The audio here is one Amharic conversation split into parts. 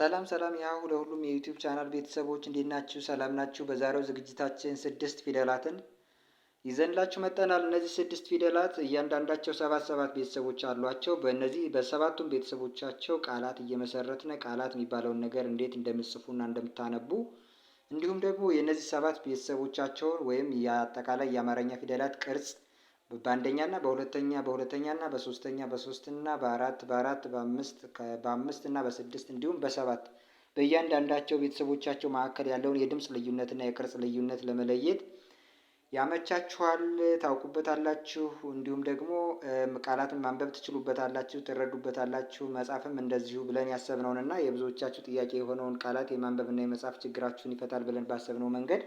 ሰላም ሰላም ያው ለሁሉም የዩቲዩብ ቻናል ቤተሰቦች እንዴት ናችሁ? ሰላም ናችሁ? በዛሬው ዝግጅታችን ስድስት ፊደላትን ይዘንላችሁ መጠናል። እነዚህ ስድስት ፊደላት እያንዳንዳቸው ሰባት ሰባት ቤተሰቦች አሏቸው። በእነዚህ በሰባቱም ቤተሰቦቻቸው ቃላት እየመሰረትነ ቃላት የሚባለውን ነገር እንዴት እንደምጽፉና እንደምታነቡ እንዲሁም ደግሞ የእነዚህ ሰባት ቤተሰቦቻቸውን ወይም የአጠቃላይ የአማርኛ ፊደላት ቅርጽ በአንደኛና በሁለተኛ በሁለተኛና በሶስተኛ በሶስትና በአራት በአራት በአምስት በአምስት እና በስድስት እንዲሁም በሰባት በእያንዳንዳቸው ቤተሰቦቻቸው መካከል ያለውን የድምፅ ልዩነትና የቅርጽ ልዩነት ለመለየት ያመቻችኋል፣ ታውቁበታላችሁ። እንዲሁም ደግሞ ቃላትን ማንበብ ትችሉበታላችሁ፣ ትረዱበታላችሁ። መጻፍም እንደዚሁ ብለን ያሰብነውንና የብዙዎቻችሁ ጥያቄ የሆነውን ቃላት የማንበብና የመጻፍ ችግራችሁን ይፈታል ብለን ባሰብነው መንገድ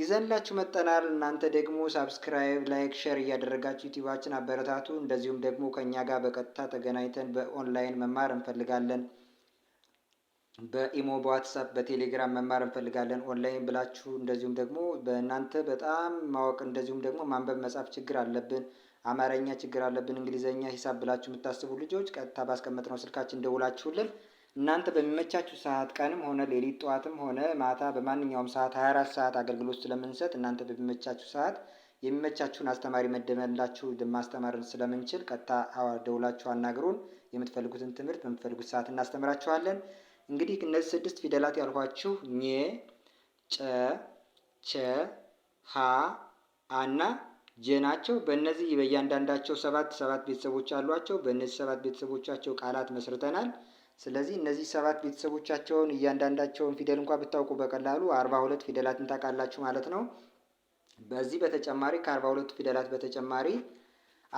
ይዘንላችሁ መጠናል። እናንተ ደግሞ ሳብስክራይብ፣ ላይክ፣ ሸር እያደረጋችሁ ዩቲባችን አበረታቱ። እንደዚሁም ደግሞ ከእኛ ጋር በቀጥታ ተገናኝተን በኦንላይን መማር እንፈልጋለን። በኢሞ፣ በዋትሳፕ፣ በቴሌግራም መማር እንፈልጋለን ኦንላይን ብላችሁ እንደዚሁም ደግሞ በእናንተ በጣም ማወቅ እንደዚሁም ደግሞ ማንበብ መጻፍ ችግር አለብን አማርኛ ችግር አለብን፣ እንግሊዘኛ ሂሳብ ብላችሁ የምታስቡ ልጆች ቀጥታ ባስቀመጥነው ስልካችን ደውላችሁልን እናንተ በሚመቻችሁ ሰዓት ቀንም ሆነ ሌሊት ጠዋትም ሆነ ማታ በማንኛውም ሰዓት 24 ሰዓት አገልግሎት ስለምንሰጥ እናንተ በሚመቻችሁ ሰዓት የሚመቻችሁን አስተማሪ መደመላችሁ ማስተማር ስለምንችል ቀጥታ ደውላችሁ አናግሩን። የምትፈልጉትን ትምህርት በምትፈልጉት ሰዓት እናስተምራችኋለን። እንግዲህ እነዚህ ስድስት ፊደላት ያልኳችሁ ኘ፣ ጨ፣ ቸ፣ ሀ፣ አና ጀ ናቸው። በእነዚህ በእያንዳንዳቸው ሰባት ሰባት ቤተሰቦች አሏቸው። በእነዚህ ሰባት ቤተሰቦቻቸው ቃላት መስርተናል። ስለዚህ እነዚህ ሰባት ቤተሰቦቻቸውን እያንዳንዳቸውን ፊደል እንኳ ብታውቁ በቀላሉ አርባ ሁለት ፊደላትን ታውቃላችሁ ማለት ነው። በዚህ በተጨማሪ ከአርባ ሁለቱ ፊደላት በተጨማሪ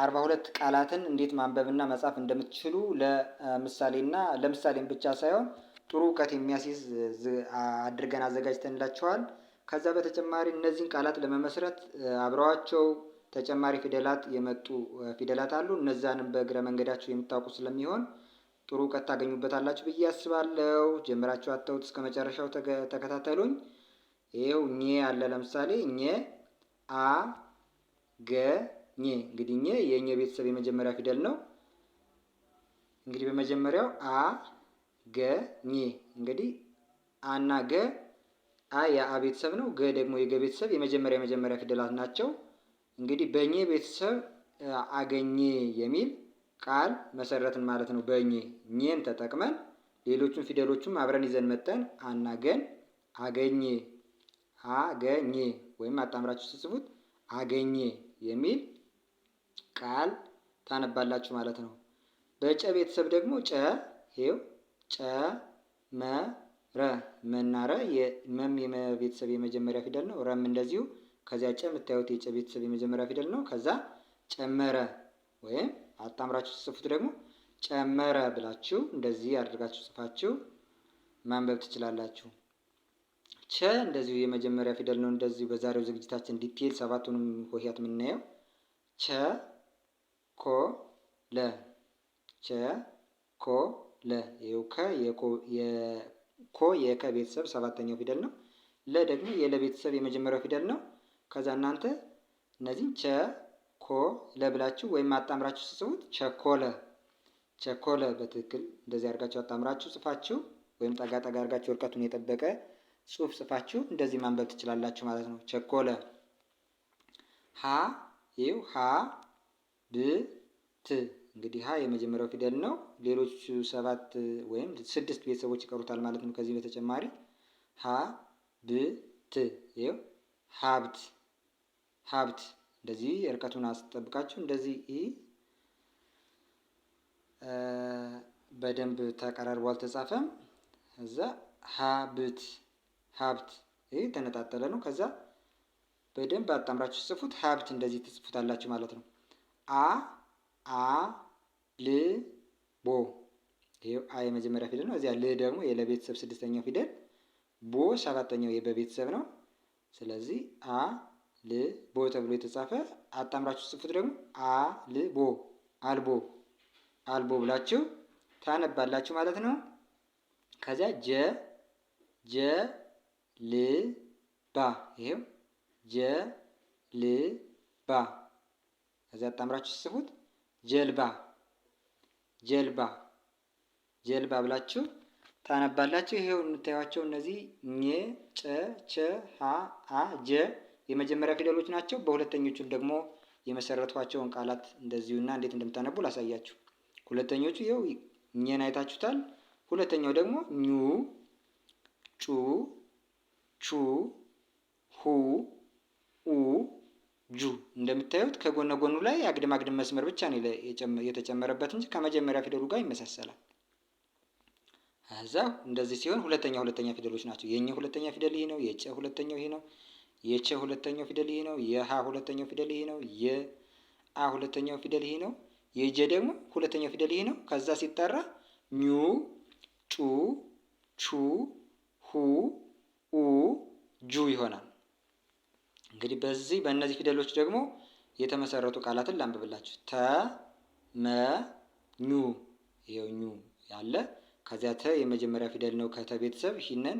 አርባ ሁለት ቃላትን እንዴት ማንበብና መጻፍ እንደምትችሉ ለምሳሌና ለምሳሌም ብቻ ሳይሆን ጥሩ እውቀት የሚያስይዝ አድርገን አዘጋጅተንላቸዋል። ከዛ በተጨማሪ እነዚህን ቃላት ለመመስረት አብረዋቸው ተጨማሪ ፊደላት የመጡ ፊደላት አሉ። እነዛንም በእግረ መንገዳቸው የምታውቁ ስለሚሆን ጥሩ እውቀት ታገኙበታላችሁ ብዬ አስባለሁ። ጀምራችሁ አተውት እስከ መጨረሻው ተከታተሉኝ። ይኸው ኘ አለ ለምሳሌ ኘ አ ገ ኘ። እንግዲህ ኘ የኘ ቤተሰብ የመጀመሪያ ፊደል ነው። እንግዲህ በመጀመሪያው አ ገ ኘ። እንግዲህ አና ገ አ የአ ቤተሰብ ነው። ገ ደግሞ የገ ቤተሰብ የመጀመሪያ የመጀመሪያ ፊደላት ናቸው። እንግዲህ በኘ ቤተሰብ አገኘ የሚል ቃል መሰረትን ማለት ነው። በኝ እኘን ተጠቅመን ሌሎቹን ፊደሎቹም አብረን ይዘን መጠን አናገን አገኘ አገኘ ወይም አጣምራችሁ ስጽፉት አገኘ የሚል ቃል ታነባላችሁ ማለት ነው። በጨ ቤተሰብ ደግሞ ጨ ይኸው ጨ መ ረ መናረ መም የቤተሰብ የመጀመሪያ ፊደል ነው። ረም እንደዚሁ። ከዚያ ጨ የምታዩት የጨ ቤተሰብ የመጀመሪያ ፊደል ነው። ከዛ ጨመረ ወይም አጣምራችሁ ተጽፉት ደግሞ ጨመረ ብላችሁ እንደዚህ አድርጋችሁ ጽፋችሁ ማንበብ ትችላላችሁ። ቸ እንደዚሁ የመጀመሪያ ፊደል ነው። እንደዚሁ በዛሬው ዝግጅታችን ዲቴል ሰባቱንም ሆሄያት የምናየው ቸ ኮ ለ ቸ ኮ ለ ይኸው ከ የኮ የከ ቤተሰብ ሰባተኛው ፊደል ነው። ለ ደግሞ የለ ቤተሰብ የመጀመሪያው ፊደል ነው። ከዛ እናንተ እነዚህ ቸ ኮ ለብላችሁ ወይም አጣምራችሁ ስጽፉት ቸኮለ ቸኮለ። በትክክል እንደዚህ አድርጋችሁ አጣምራችሁ ጽፋችሁ ወይም ጠጋ ጠጋ አድርጋችሁ እርቀቱን የጠበቀ ጽሁፍ ጽፋችሁ እንደዚህ ማንበብ ትችላላችሁ ማለት ነው። ቸኮለ ሀ ይው ሀ ብ ት እንግዲህ ሀ የመጀመሪያው ፊደል ነው። ሌሎቹ ሰባት ወይም ስድስት ቤተሰቦች ይቀሩታል ማለት ነው። ከዚህ በተጨማሪ ሀ ብ ት ይው ሀብት ሀብት እንደዚህ እርቀቱን አስጠብቃችሁ እንደዚህ በደንብ ተቀራርቦ አልተጻፈም። እዛ ሀብት ሀብት ይህ ተነጣጠለ ነው። ከዛ በደንብ አጣምራችሁ ጽፉት። ሀብት እንደዚህ ትጽፉታላችሁ ማለት ነው። አ አ ል ቦ ይሄው አ የመጀመሪያ ፊደል ነው። እዚያ ል ደግሞ የለቤተሰብ ስድስተኛው ፊደል፣ ቦ ሰባተኛው የበቤተሰብ ነው። ስለዚህ አ ል ቦ ተብሎ የተጻፈ አጣምራችሁ ጽፉት። ደግሞ አ ል ቦ አልቦ አልቦ ብላችሁ ታነባላችሁ ማለት ነው። ከዚያ ጀ ጀ ል ባ ይሄው ጀ ል ባ ከዚያ አጣምራችሁ ጽፉት። ጀልባ ጀልባ ጀልባ ብላችሁ ታነባላችሁ። ይሄው የምታዩቸው እነዚህ ኘ ጨ ቸ ሀ አ ጀ የመጀመሪያ ፊደሎች ናቸው። በሁለተኞቹ ደግሞ የመሰረቷቸውን ቃላት እንደዚሁና እንዴት እንደምታነቡ ላሳያችሁ። ሁለተኞቹ ይኸው ኘን አይታችሁታል። ሁለተኛው ደግሞ ኙ፣ ጩ፣ ቹ፣ ሁ፣ ኡ፣ ጁ። እንደምታዩት ከጎነ ጎኑ ላይ አግድም አግድም መስመር ብቻ ነው የተጨመረበት እንጂ ከመጀመሪያ ፊደሉ ጋር ይመሳሰላል። እዛ እንደዚህ ሲሆን ሁለተኛ ሁለተኛ ፊደሎች ናቸው። የኘ ሁለተኛ ፊደል ይሄ ነው። የጨ ሁለተኛው ይሄ ነው። የቸ ሁለተኛው ፊደል ይሄ ነው። የሀ ሁለተኛው ፊደል ይሄ ነው። የአ ሁለተኛው ፊደል ይሄ ነው። የጀ ደግሞ ሁለተኛው ፊደል ይሄ ነው። ከዛ ሲጠራ ኙ፣ ጩ፣ ቹ፣ ሁ፣ ኡ፣ ጁ ይሆናል። እንግዲህ በዚህ በእነዚህ ፊደሎች ደግሞ የተመሰረቱ ቃላትን ላንብብላችሁ። ተ መ ኙ ይኸው ኙ ያለ ከዚያ ተ የመጀመሪያ ፊደል ነው። ከተ ቤተሰብ ሂነን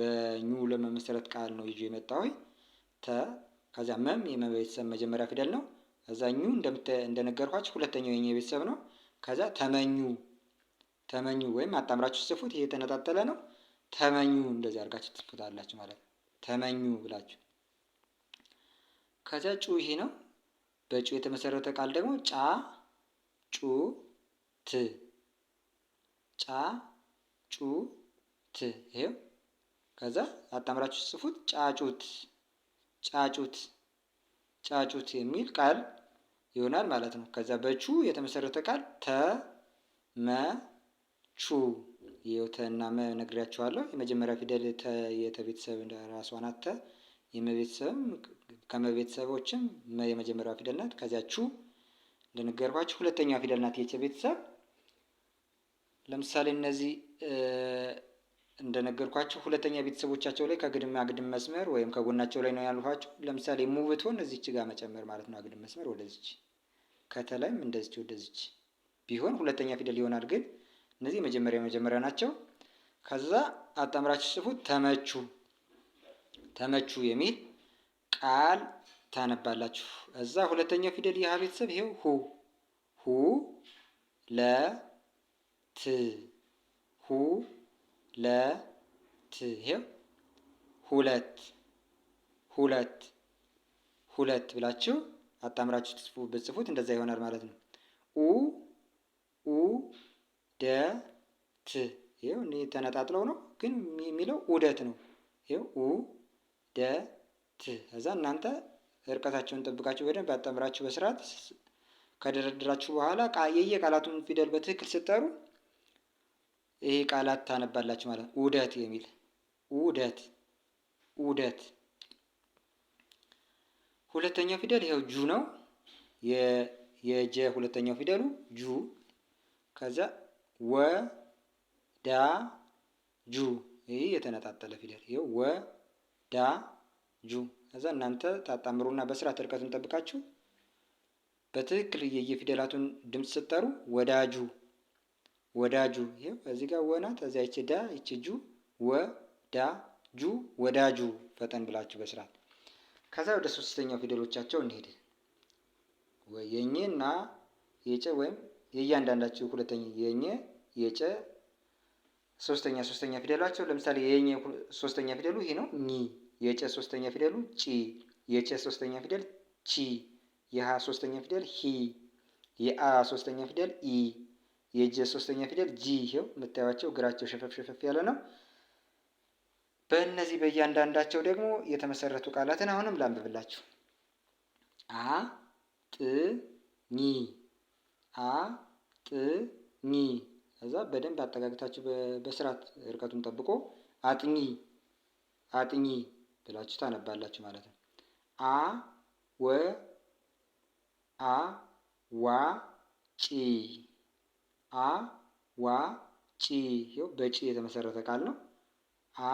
በኙ ለመመሰረት ቃል ነው ይዤ የመጣሁኝ። ተ ከዚያ መም የመቤተሰብ መጀመሪያ ፊደል ነው። ከዛ ኙ እንደነገርኳችሁ ሁለተኛው የኛ ቤተሰብ ነው። ከዛ ተመኙ ተመኙ ወይም አጣምራችሁ ጽፉት። ይሄ የተነጣጠለ ነው። ተመኙ እንደዚህ አድርጋችሁ ትጽፉታላችሁ ማለት ነው። ተመኙ ብላችሁ ከዚያ ጩ ይሄ ነው። በጩ የተመሰረተ ቃል ደግሞ ጫ ጩ ት ጫ ጩ ት ይሄው። ከዛ አጣምራችሁ ጽፉት ጫጩት ጫጩት ጫጩት የሚል ቃል ይሆናል ማለት ነው። ከዛ በቹ የተመሰረተ ቃል ተ መ ቹ ይኸው ተና መ ነግሬያችኋለሁ። የመጀመሪያ ፊደል ተ የተቤተሰብ ራሷ ናት። ተ የመቤተሰብም ከመቤተሰቦችም የመጀመሪያ ፊደል ናት። ከዚያ ቹ እንደነገርኳችሁ ሁለተኛ ፊደል ናት የቸ ቤተሰብ ለምሳሌ እነዚህ እንደነገርኳቸው ሁለተኛ ቤተሰቦቻቸው ላይ ከግድም አግድም መስመር ወይም ከጎናቸው ላይ ነው ያልኋቸው። ለምሳሌ ሙብቶን እዚች ጋር መጨመር ማለት ነው አግድም መስመር ወደዚች፣ ከተላይም እንደዚች ወደዚች ቢሆን ሁለተኛ ፊደል ይሆናል። ግን እነዚህ የመጀመሪያ መጀመሪያ ናቸው። ከዛ አጣምራችሁ ጽፉት። ተመቹ ተመቹ የሚል ቃል ታነባላችሁ። እዛ ሁለተኛው ፊደል የሀ ቤተሰብ ይሄው ሁ ሁ ለ ት ሁ ለ ት ይሄው ሁለት ሁለት ሁለት ብላችሁ አጣምራችሁ ትጽፉ ብጽፉት እንደዛ ይሆናል ማለት ነው። ኡ ኡ ደ ት ይሄው እኔ ተነጣጥለው ነው ግን የሚለው ኡደት ነው። ይሄው ኡ ደ ት ከዛ እናንተ እርቀታቸውን ጠብቃችሁ በደንብ አጣምራችሁ በስርዓት ከደረደራችሁ በኋላ የየቃላቱን ፊደል በትክክል ስትጠሩ ይሄ ቃላት ታነባላችሁ ማለት ነው። የሚል ውደት ውደት ሁለተኛው ፊደል ይኸው ጁ ነው። የጀ ሁለተኛው ፊደሉ ጁ። ከዛ ወ ዳ ጁ። ይህ የተነጣጠለ ፊደል ይኸው ወ ዳ ጁ። ከዛ እናንተ ታጣምሩና በስርዓት ርቀቱን ጠብቃችሁ በትክክል የየፊደላቱን ድምፅ ስጠሩ ወዳጁ ወዳጁ ይሄው እዚህ ጋር ወናት እዚያ ይች ዳ ይች ጁ ወ ጁ ወዳጁ። ፈጠን ብላችሁ በስርዓት ከዛ ወደ ሶስተኛው ፊደሎቻቸው እንሄድ። የኘና የጨ ወይም የእያንዳንዳቸው ሁለተኛ የኘ የጨ ሶስተኛ ሶስተኛ ፊደላቸው ለምሳሌ የኘ ሶስተኛ ፊደሉ ይሄ ነው ኚ። የጨ ሶስተኛ ፊደሉ ጪ። የጨ ሶስተኛ ፊደል ቺ። የሀ ሶስተኛ ፊደል ሂ። የአ ሶስተኛ ፊደል ኢ የጀ ሶስተኛ ፊደል ጂ ይሄው የምታዩቸው እግራቸው ሸፈፍ ሸፈፍ ያለ ነው። በእነዚህ በእያንዳንዳቸው ደግሞ የተመሰረቱ ቃላትን አሁንም ላንብብላችሁ። አ ጥ ኒ አ ጥ ኒ እዛ በደንብ አጠጋግታችሁ በስርዓት እርቀቱን ጠብቆ አጥኚ አጥኚ ብላችሁ ታነባላችሁ ማለት ነው። አ ወ አ ዋ ጪ አ ዋ ጪ ይኸው በጪ የተመሰረተ ቃል ነው። አ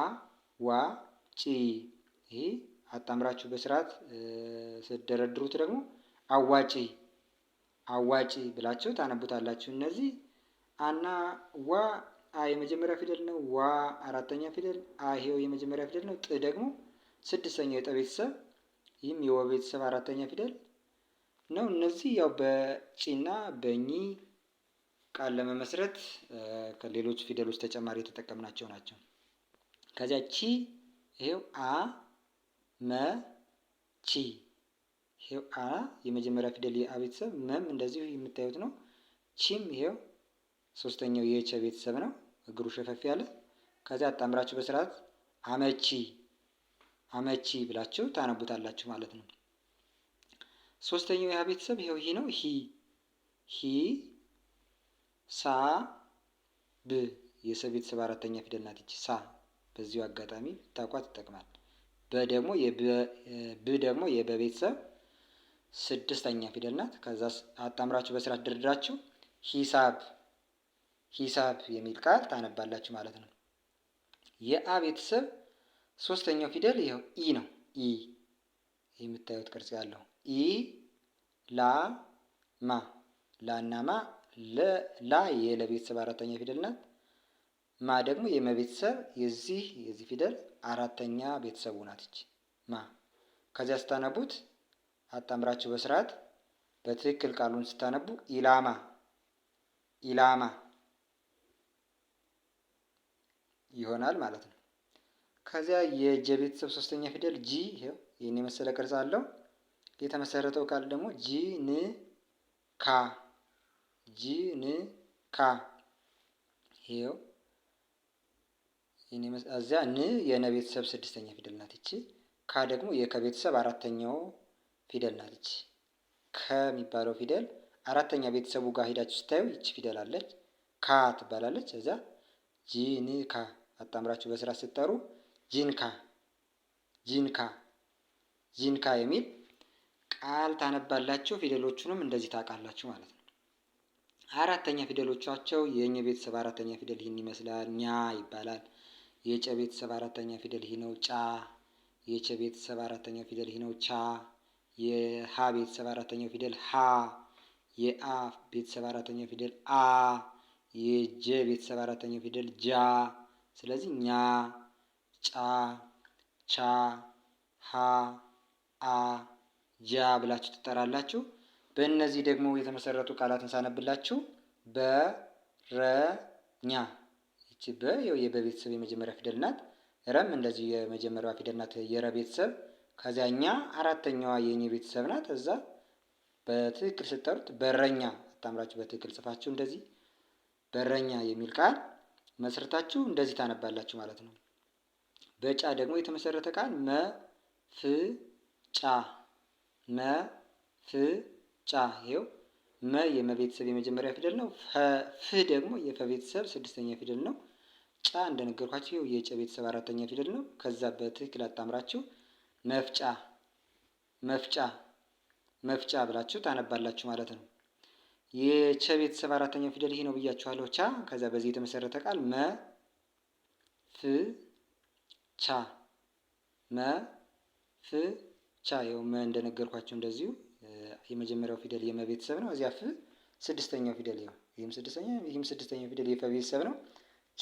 ዋ ጪ ይሄ አጣምራችሁ በስርዓት ስትደረድሩት ደግሞ አዋጪ አዋጪ ብላችሁ ታነቡታላችሁ። እነዚህ አና ዋ አ የመጀመሪያ ፊደል ነው። ዋ አራተኛ ፊደል፣ አ ይሄው የመጀመሪያ ፊደል ነው። ጥ ደግሞ ስድስተኛው የጠ ቤተሰብ ይህም የወ ቤተሰብ አራተኛ ፊደል ነው። እነዚህ ያው በጪና በኚ ቃል ለመመስረት ከሌሎች ፊደሎች ተጨማሪ የተጠቀምናቸው ናቸው። ከዚያ ቺ ይሄው አ መ ቺ ይሄው አ የመጀመሪያ ፊደል የአ ቤተሰብ፣ መም እንደዚሁ የምታዩት ነው። ቺም ይሄው ሶስተኛው የቸ ቤተሰብ ነው። እግሩ ሸፈፍ ያለ። ከዚያ አጣምራችሁ በስርዓት አመቺ አመቺ ብላችሁ ታነቡታላችሁ ማለት ነው። ሶስተኛው የሀ ቤተሰብ ይሄው ሂ ነው። ሂ ሂ ሳ ብ የሰ ቤተሰብ አራተኛ ፊደል ናት ይቺ ሳ። በዚሁ አጋጣሚ ታውቋት ይጠቅማል። በ ደግሞ ብ ደግሞ የበቤተሰብ ስድስተኛ ፊደል ናት። ከዛ አጣምራችሁ በስርዓት ደርድራችሁ ሂሳብ ሂሳብ የሚል ቃል ታነባላችሁ ማለት ነው። የአ ቤተሰብ ሶስተኛው ፊደል ይኸው ኢ ነው። ኢ የምታዩት ቅርጽ ያለው ኢ ላ ማ ላና ማ ለ ላ የለቤተሰብ አራተኛ ፊደል ናት። ማ ደግሞ የመቤተሰብ የዚህ የዚህ ፊደል አራተኛ ቤተሰቡ ናትች። ማ ከዚያ ስታነቡት አጣምራችሁ በስርዓት በትክክል ቃሉን ስታነቡ ኢላማ ኢላማ ይሆናል ማለት ነው። ከዚያ የጀ ቤተሰብ ሶስተኛ ፊደል ጂ ይሄው ይህን የመሰለ ቅርጽ አለው። የተመሰረተው ቃል ደግሞ ጂን ካ ጅንካ ይኸው እዚያ ን የነ ቤተሰብ ስድስተኛ ፊደል ናት ይቺ። ካ ደግሞ የከቤተሰብ አራተኛው ፊደል ናት ይቺ። ከሚባለው ፊደል አራተኛ ቤተሰቡ ጋር ሂዳችሁ ስታዩ ይቺ ፊደል አለች፣ ካ ትባላለች። እዚያ ካ አጣምራችሁ በስራ ስትጠሩ ጂንካ ጂንካ ጂንካ የሚል ቃል ታነባላችሁ። ፊደሎቹንም እንደዚህ ታውቃላችሁ ማለት ነው። አራተኛ ፊደሎቻቸው የእኘ ቤተሰብ አራተኛ ፊደል ይህን ይመስላል። ኛ ይባላል። የጨ ቤተሰብ አራተኛ ፊደል ይህ ነው። ጫ የቸ ቤተሰብ አራተኛ ፊደል ይህ ነው። ቻ የሀ ቤተሰብ አራተኛው ፊደል ሀ የአ ቤተሰብ አራተኛው ፊደል አ የጀ ቤተሰብ አራተኛው ፊደል ጃ። ስለዚህ ኛ፣ ጫ፣ ቻ፣ ሀ፣ አ፣ ጃ ብላችሁ ትጠራላችሁ። በእነዚህ ደግሞ የተመሰረቱ ቃላትን ሳነብላችሁ በረኛ ይቺ በ የበቤተሰብ የመጀመሪያ ፊደል ናት። ረም እንደዚሁ የመጀመሪያዋ ፊደል ናት የረ ቤተሰብ። ከዚያኛ አራተኛዋ የእኔ ቤተሰብ ናት። እዛ በትክክል ስጠሩት በረኛ አታምራችሁ በትክክል ጽፋችሁ እንደዚህ በረኛ የሚል ቃል መስርታችሁ እንደዚህ ታነባላችሁ ማለት ነው። በጫ ደግሞ የተመሰረተ ቃል መፍጫ መፍ ጫ ይኸው መ የመቤተሰብ የመጀመሪያ ፊደል ነው። ፍ ደግሞ የፈቤተሰብ ስድስተኛ ፊደል ነው። ጫ እንደነገርኳችሁ ይኸው የጨ ቤተሰብ አራተኛ ፊደል ነው። ከዛ በትክክል አጣምራችሁ መፍጫ መፍጫ መፍጫ ብላችሁ ታነባላችሁ ማለት ነው። የቸ ቤተሰብ አራተኛ ፊደል ይሄ ነው ብያችኋለሁ። ቻ ከዛ በዚህ የተመሰረተ ቃል መ ፍ ቻ መ ፍ ቻ ይኸው መ እንደነገርኳችሁ እንደዚሁ የመጀመሪያው ፊደል የመ ቤተሰብ ነው። እዚያ ፍ ስድስተኛው ፊደል ይኸው ይህም ስድስተኛ ይህም ስድስተኛው ፊደል የፈ ቤተሰብ ነው።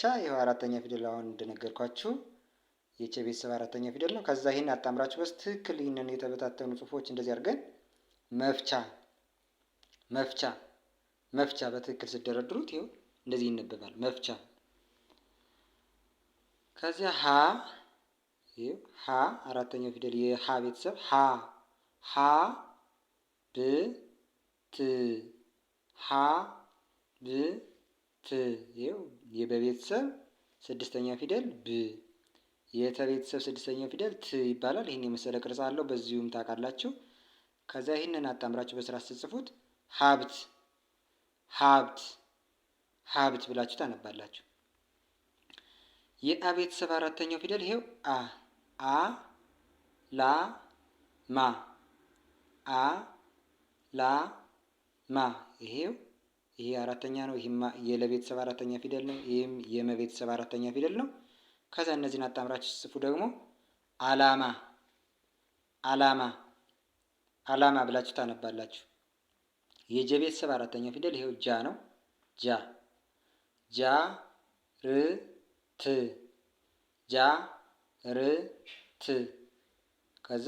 ቻ ይኸው አራተኛ ፊደል አሁን እንደነገርኳችሁ የቸ ቤተሰብ አራተኛ ፊደል ነው። ከዛ ይህን አጣምራችሁ በስ ትክክል ይህንን የተበታተኑ ጽሁፎች እንደዚህ አድርገን መፍቻ መፍቻ መፍቻ በትክክል ስደረድሩት ይኸው እንደዚህ ይነበባል መፍቻ። ከዚያ ሀ ሀ አራተኛው ፊደል የሀ ቤተሰብ ሀ ሀ ድ ት ሀ ብ ት ይኸው የበቤተሰብ ስድስተኛ ፊደል ብ የተቤተሰብ ስድስተኛ ፊደል ት ይባላል። ይህን የመሰለ ቅርጽ አለው። በዚሁም ታውቃላችሁ። ከዛ ይህንን አጣምራችሁ በስራ ስትጽፉት ሀብት ሀብት ሀብት ብላችሁ ታነባላችሁ። የአ ቤተሰብ አራተኛው ፊደል ይሄው አ አ ላ ማ አ ላ ማ ይሄው ይሄ አራተኛ ነው። ይሄማ የለቤተሰብ አራተኛ ፊደል ነው። ይሄም የመቤተሰብ አራተኛ ፊደል ነው። ከዛ እነዚህን አጣምራችሁ ስጽፉ ደግሞ አላማ አላማ አላማ ብላችሁ ታነባላችሁ። የጀ ቤተሰብ አራተኛ ፊደል ይሄው ጃ ነው። ጃ ጃ ር ት ጃ ር ት ከዛ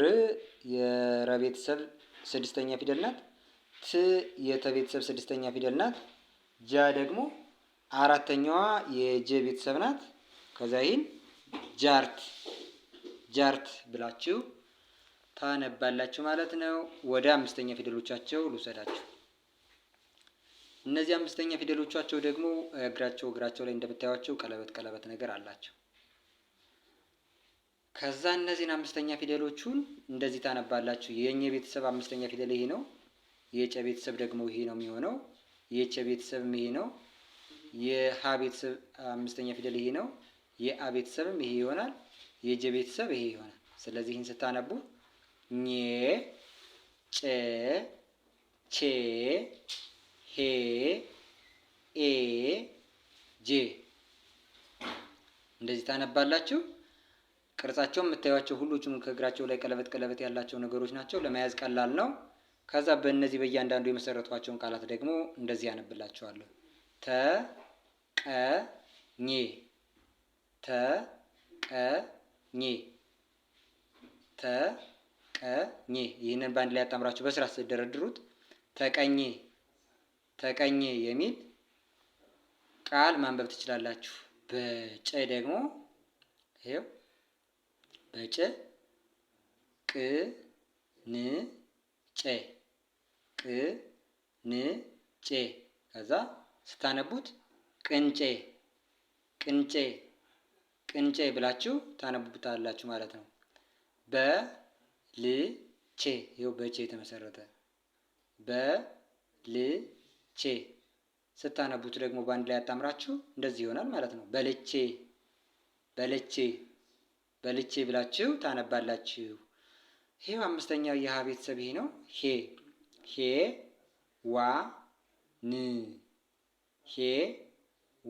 ር የረ ቤተሰብ ስድስተኛ ፊደል ናት። ት የተቤተሰብ ስድስተኛ ፊደል ናት። ጃ ደግሞ አራተኛዋ የጀ ቤተሰብ ናት። ከዛ ይህን ጃርት ጃርት ብላችሁ ታነባላችሁ ማለት ነው። ወደ አምስተኛ ፊደሎቻቸው ልውሰዳችሁ። እነዚህ አምስተኛ ፊደሎቻቸው ደግሞ እግራቸው እግራቸው ላይ እንደምታዩቸው ቀለበት ቀለበት ነገር አላቸው። ከዛ እነዚህን አምስተኛ ፊደሎቹን እንደዚህ ታነባላችሁ። የኘ ቤተሰብ አምስተኛ ፊደል ይሄ ነው። የጨ ቤተሰብ ደግሞ ይሄ ነው የሚሆነው። የቸ ቤተሰብ ይሄ ነው። የሀ ቤተሰብ አምስተኛ ፊደል ይሄ ነው። የአ ቤተሰብም ይሄ ይሆናል። የጀ ቤተሰብ ይሄ ይሆናል። ስለዚህ ይህን ስታነቡ ኘ ጨ ቼ ሄ ኤ ጄ እንደዚህ ታነባላችሁ። ቅርጻቸው የምታዩቸው ሁሎችም ከእግራቸው ላይ ቀለበት ቀለበት ያላቸው ነገሮች ናቸው። ለመያዝ ቀላል ነው። ከዛ በእነዚህ በእያንዳንዱ የመሰረቷቸውን ቃላት ደግሞ እንደዚህ ያነብላቸዋለሁ። ተ ቀ ኜ ተ ቀ ኜ ተ ቀ ኜ። ይህንን በአንድ ላይ ያጣምራችሁ በስራ ስትደረድሩት ተቀኜ ተቀኜ የሚል ቃል ማንበብ ትችላላችሁ። በጨ ደግሞ ይሄው በጨ ቅ ን ጬ ቅ ን ጬ ከዛ ስታነቡት ቅንጬ ቅንጬ ቅንጬ ብላችሁ ታነቡታላችሁ ማለት ነው። በልቼ ይኸው በቼ የተመሰረተ በልቼ ስታነቡት ደግሞ በአንድ ላይ አታምራችሁ እንደዚህ ይሆናል ማለት ነው። በልቼ በልቼ በልቼ ብላችሁ ታነባላችሁ። ይሄው አምስተኛው የሀ ቤተሰብ ይሄ ነው። ሄ ሄ ዋ ን ሄ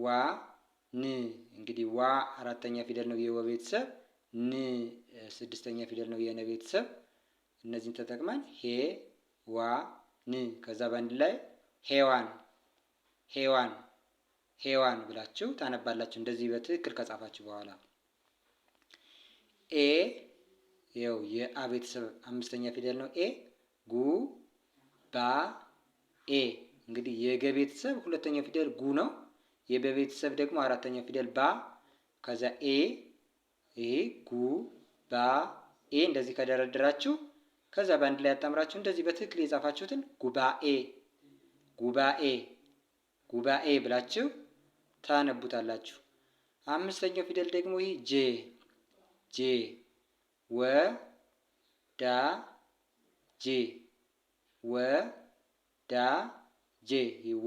ዋ ን እንግዲህ ዋ አራተኛ ፊደል ነው የወ ቤተሰብ፣ ን ስድስተኛ ፊደል ነው የነ ቤተሰብ። እነዚህን ተጠቅመን ሄ ዋ ን ከዛ በአንድ ላይ ሄዋን ሄዋን ሄዋን ብላችሁ ታነባላችሁ። እንደዚህ በትክክል ከጻፋችሁ በኋላ ኤ ይኸው የአ ቤተሰብ አምስተኛ ፊደል ነው። ኤ ጉ ባ ኤ እንግዲህ የገ ቤተሰብ ሁለተኛው ፊደል ጉ ነው። የበ ቤተሰብ ደግሞ አራተኛው ፊደል ባ ከዛ ኤ ይሄ ጉ ባ ኤ እንደዚህ ከደረደራችሁ ከዛ በአንድ ላይ ያጣምራችሁ እንደዚህ በትክክል የጻፋችሁትን ጉባኤ ጉባኤ ጉባኤ ብላችሁ ታነቡታላችሁ። አምስተኛው ፊደል ደግሞ ይህ ጄ ጄ ወ ዳ ጄ ወ ዳ ጄ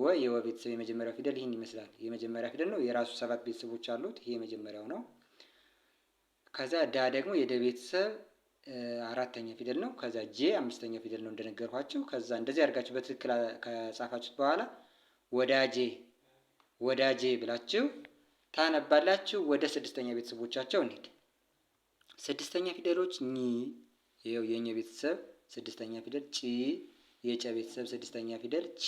ወ የወ ቤተሰብ የመጀመሪያው ፊደል ይህን ይመስላል። የመጀመሪያ ፊደል ነው። የራሱ ሰባት ቤተሰቦች አሉት። ይሄ የመጀመሪያው ነው። ከዛ ዳ ደግሞ የደ ቤተሰብ አራተኛ ፊደል ነው። ከዛ ጄ አምስተኛ ፊደል ነው እንደነገርኳችሁ። ከዛ እንደዚህ አድርጋችሁ በትክክል ከጻፋችሁት በኋላ ወዳጄ ወዳጄ ብላችሁ ታነባላችሁ። ወደ ስድስተኛ ቤተሰቦቻቸው እንሂድ። ስድስተኛ ፊደሎች ኝ ይኸው የኘ ቤተሰብ ስድስተኛ ፊደል ጪ የጨ ቤተሰብ ስድስተኛ ፊደል ቺ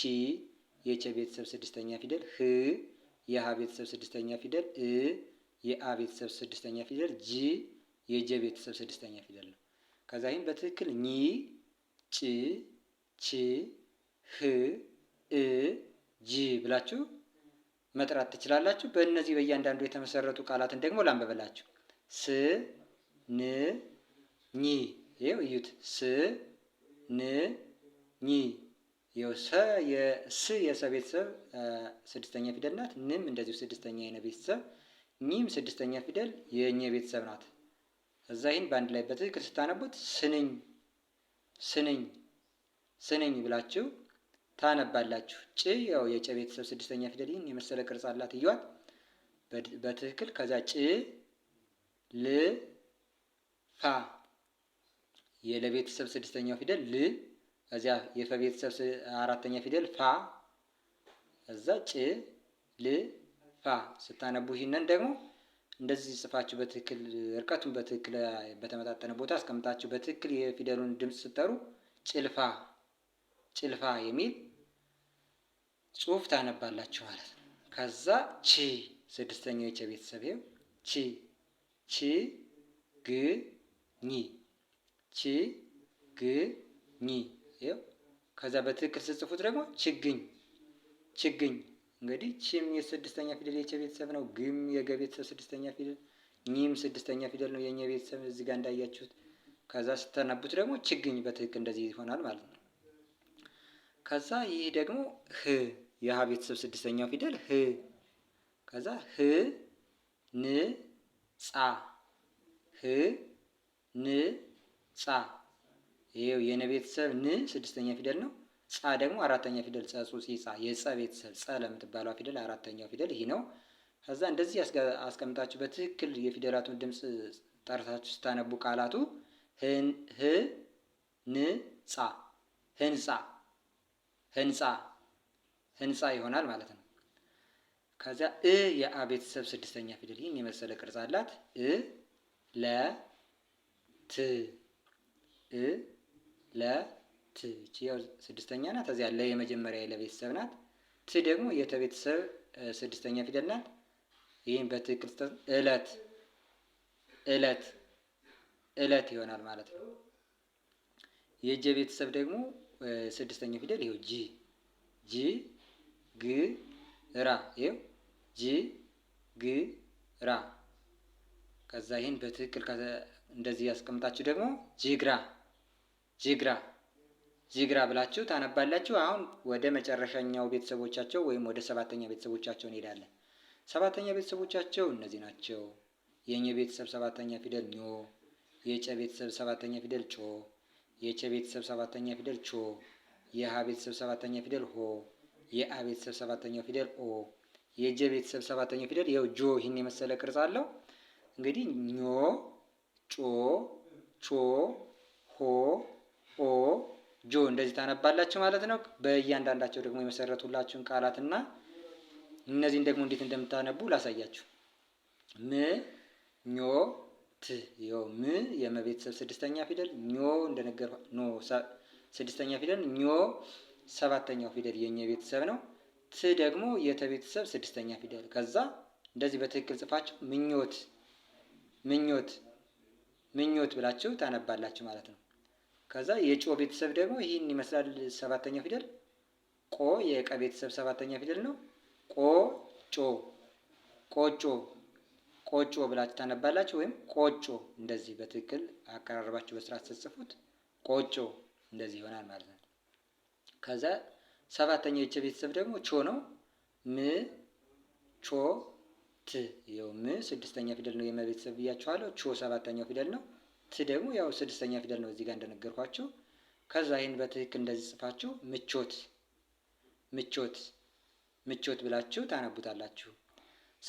የጨ ቤተሰብ ስድስተኛ ፊደል ህ የሀ ቤተሰብ ስድስተኛ ፊደል እ የአ ቤተሰብ ስድስተኛ ፊደል ጂ የጀ ቤተሰብ ስድስተኛ ፊደል ነው። ከዛ ይህም በትክክል ኝ ጭ ቺ ህ እ ጂ ብላችሁ መጥራት ትችላላችሁ። በእነዚህ በእያንዳንዱ የተመሰረቱ ቃላትን ደግሞ ላንበበላችሁ ስ ን ኝ ይኸው እዩት ስ ን ኝ ይኸው ሰ የስ የሰ ቤተሰብ ስድስተኛ ፊደል ናት። ንም እንደዚሁ ስድስተኛ የነ ቤተሰብ ኝም ስድስተኛ ፊደል የኘ ቤተሰብ ናት። እዛ ይህን በአንድ ላይ በትክክል ስታነቡት ስንኝ ስንኝ ስንኝ ብላችሁ ታነባላችሁ። ጭ ያው የጨ ቤተሰብ ስድስተኛ ፊደል ይህን የመሰለ ቅርጽ አላት። እዩዋት በትክክል ከዛ ጭ ል ፋ የለቤተሰብ ስድስተኛው ፊደል ል እዚያ የፈ ቤተሰብ አራተኛ ፊደል ፋ እዛ ጭ ል ፋ ስታነቡ ይህንን ደግሞ እንደዚህ ጽፋችሁ በትክክል እርቀቱን በትክክል በተመጣጠነ ቦታ አስቀምጣችሁ በትክክል የፊደሉን ድምፅ ስጠሩ ጭልፋ ጭልፋ የሚል ጽሁፍ ታነባላችሁ ማለት ነው። ከዛ ቺ ስድስተኛው የቸ ቤተሰብ ቺ ቺ ግ ኝ ቺ ግ ኝ ይኸው ከዛ በትክክል ስጽፉት ደግሞ ችግኝ ችግኝ። እንግዲህ ቺም የስድስተኛ ፊደል የቼ ቤተሰብ ነው። ግም የገ ቤተሰብ ስድስተኛ ፊደል፣ ኝም ስድስተኛ ፊደል ነው የኛ ቤተሰብ እዚህ ጋር እንዳያችሁት። ከዛ ስተነቡት ደግሞ ችግኝ በትክክል እንደዚህ ይሆናል ማለት ነው። ከዛ ይህ ደግሞ ህ የሀ ቤተሰብ ስድስተኛው ፊደል ህ። ከዛ ህ ን ጻ ህ ን ጻ ይሄው የነ ቤተሰብ ን ስድስተኛ ፊደል ነው። ጻ ደግሞ አራተኛ ፊደል ጸጹ ሲጻ የጸ ቤተሰብ ጸ ለምትባለው ፊደል አራተኛው ፊደል ይሄ ነው። ከዛ እንደዚህ አስቀምጣችሁ በትክክል የፊደላቱን ድምፅ ጠርታችሁ ስታነቡ ቃላቱ ህ ን ጻ ህንጻ ህንጻ ህንጻ ይሆናል ማለት ነው። ከዚያ እ የአ ቤተሰብ ስድስተኛ ፊደል ይህን የመሰለ ቅርጽ አላት እ ለ ት እ ለ ት ቺ ስድስተኛ ናት። እዚያ ለ የመጀመሪያ ለቤተሰብ ናት። ት ደግሞ የተቤተሰብ ስድስተኛ ፊደል ናት። ይህም በትክክል እለት እለት እለት ይሆናል ማለት ነው። የጀ ቤተሰብ ደግሞ ስድስተኛ ፊደል ይኸው ጂ ጂ ግ ራ ይኸው ጂ ግ ራ ከዛ ይህን በትክክል እንደዚህ ያስቀምጣችሁ ደግሞ ጂግራ ጂግራ ጂግራ ብላችሁ ታነባላችሁ። አሁን ወደ መጨረሻኛው ቤተሰቦቻቸው ወይም ወደ ሰባተኛ ቤተሰቦቻቸው እንሄዳለን። ሰባተኛ ቤተሰቦቻቸው እነዚህ ናቸው። የኘ ቤተሰብ ሰባተኛ ፊደል ኞ፣ የጨ ቤተሰብ ሰባተኛ ፊደል ጮ፣ የቸ ቤተሰብ ሰባተኛ ፊደል ቾ፣ የሀ ቤተሰብ ሰባተኛ ፊደል ሆ፣ የአ ቤተሰብ ሰባተኛው ፊደል ኦ፣ የጀ ቤተሰብ ሰባተኛው ፊደል ያው ጆ። ይህን የመሰለ ቅርጽ አለው እንግዲህ ኞ ጮ ቾ ሆ ኦ ጆ እንደዚህ ታነባላችሁ ማለት ነው። በእያንዳንዳቸው ደግሞ የመሰረቱላችሁን ቃላት እና እነዚህን ደግሞ እንዴት እንደምታነቡ ላሳያችሁ። ም ኞ ት ዮ ም የመቤተሰብ ስድስተኛ ፊደል ኞ እንደነገር ኖ ስድስተኛ ፊደል ኞ ሰባተኛው ፊደል የኛ ቤተሰብ ነው። ት ደግሞ የተቤተሰብ ስድስተኛ ፊደል። ከዛ እንደዚህ በትክክል ጽፋችሁ ምኞት ምኞት ምኞት ብላችሁ ታነባላችሁ ማለት ነው። ከዛ የጮ ቤተሰብ ደግሞ ይህን ይመስላል። ሰባተኛ ፊደል ቆ የቀ ቤተሰብ ሰባተኛ ፊደል ነው። ቆ ጮ ቆጮ ቆጮ ብላችሁ ታነባላችሁ፣ ወይም ቆጮ እንደዚህ በትክክል አቀራረባችሁ በስርዓት ስትጽፉት ቆጮ እንደዚህ ይሆናል ማለት ነው። ከዛ ሰባተኛ የቸ ቤተሰብ ደግሞ ቾ ነው። ም ቾ ት ያው ም ስድስተኛ ፊደል ነው የመቤተሰብ ብያችኋለሁ። ቾ ሰባተኛው ፊደል ነው። ት ደግሞ ያው ስድስተኛ ፊደል ነው እዚህ ጋር እንደነገርኳችሁ። ከዛ ይህን በትክክል እንደዚህ ጽፋችሁ ምቾት ምቾት ምቾት ብላችሁ ታነቡታላችሁ።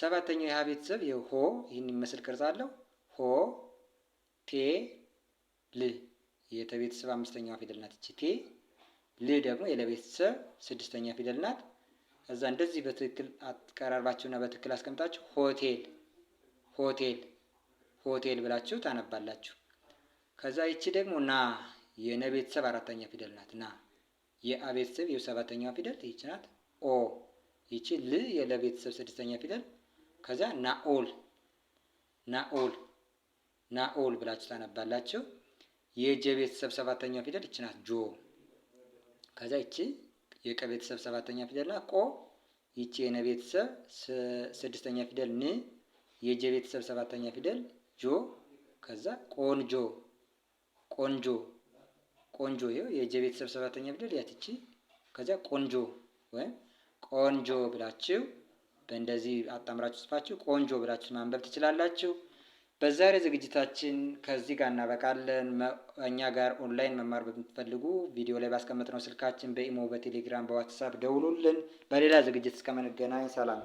ሰባተኛው የሀ ቤተሰብ ይኸው ሆ ይህን የሚመስል ቅርጽ አለው። ሆ ቴ ል የተቤተሰብ አምስተኛዋ ፊደል ናት። ቴ ል ደግሞ የለቤተሰብ ስድስተኛ ፊደል ናት። እዛ እንደዚህ በትክክል አቀራርባችሁና በትክክል አስቀምጣችሁ ሆቴል ሆቴል ሆቴል ብላችሁ ታነባላችሁ። ከዛ ይቺ ደግሞ ና የነ ቤተሰብ አራተኛ ፊደል ናት። ና የአ ቤተሰብ የሰባተኛዋ ፊደል ይቺ ናት። ኦ ይቺ ል የለ ቤተሰብ ስድስተኛ ፊደል። ከዛ ናኦል ናኦል ናኦል ብላችሁ ታነባላችሁ። የጀ ቤተሰብ ሰባተኛ ፊደል ይቺ ናት። ጆ ከዛ ይቺ የቀ ቤተሰብ ሰባተኛ ፊደል ናት። ቆ ይቺ የነ ቤተሰብ ስድስተኛ ፊደል ን፣ የጀ ቤተሰብ ሰባተኛ ፊደል ጆ፣ ከዛ ቆንጆ ቆንጆ ቆንጆ። ይኸው የጀ ቤተሰብ ሰባተኛ ፊደል ያትቺ፣ ከዚያ ቆንጆ ወይም ቆንጆ ብላችሁ በእንደዚህ አጣምራችሁ ጽፋችሁ ቆንጆ ብላችሁ ማንበብ ትችላላችሁ። በዛሬ ዝግጅታችን ከዚህ ጋር እናበቃለን። እኛ ጋር ኦንላይን መማር በምትፈልጉ ቪዲዮ ላይ ባስቀመጥነው ስልካችን በኢሞ፣ በቴሌግራም፣ በዋትሳፕ ደውሉልን። በሌላ ዝግጅት እስከምንገናኝ ሰላም።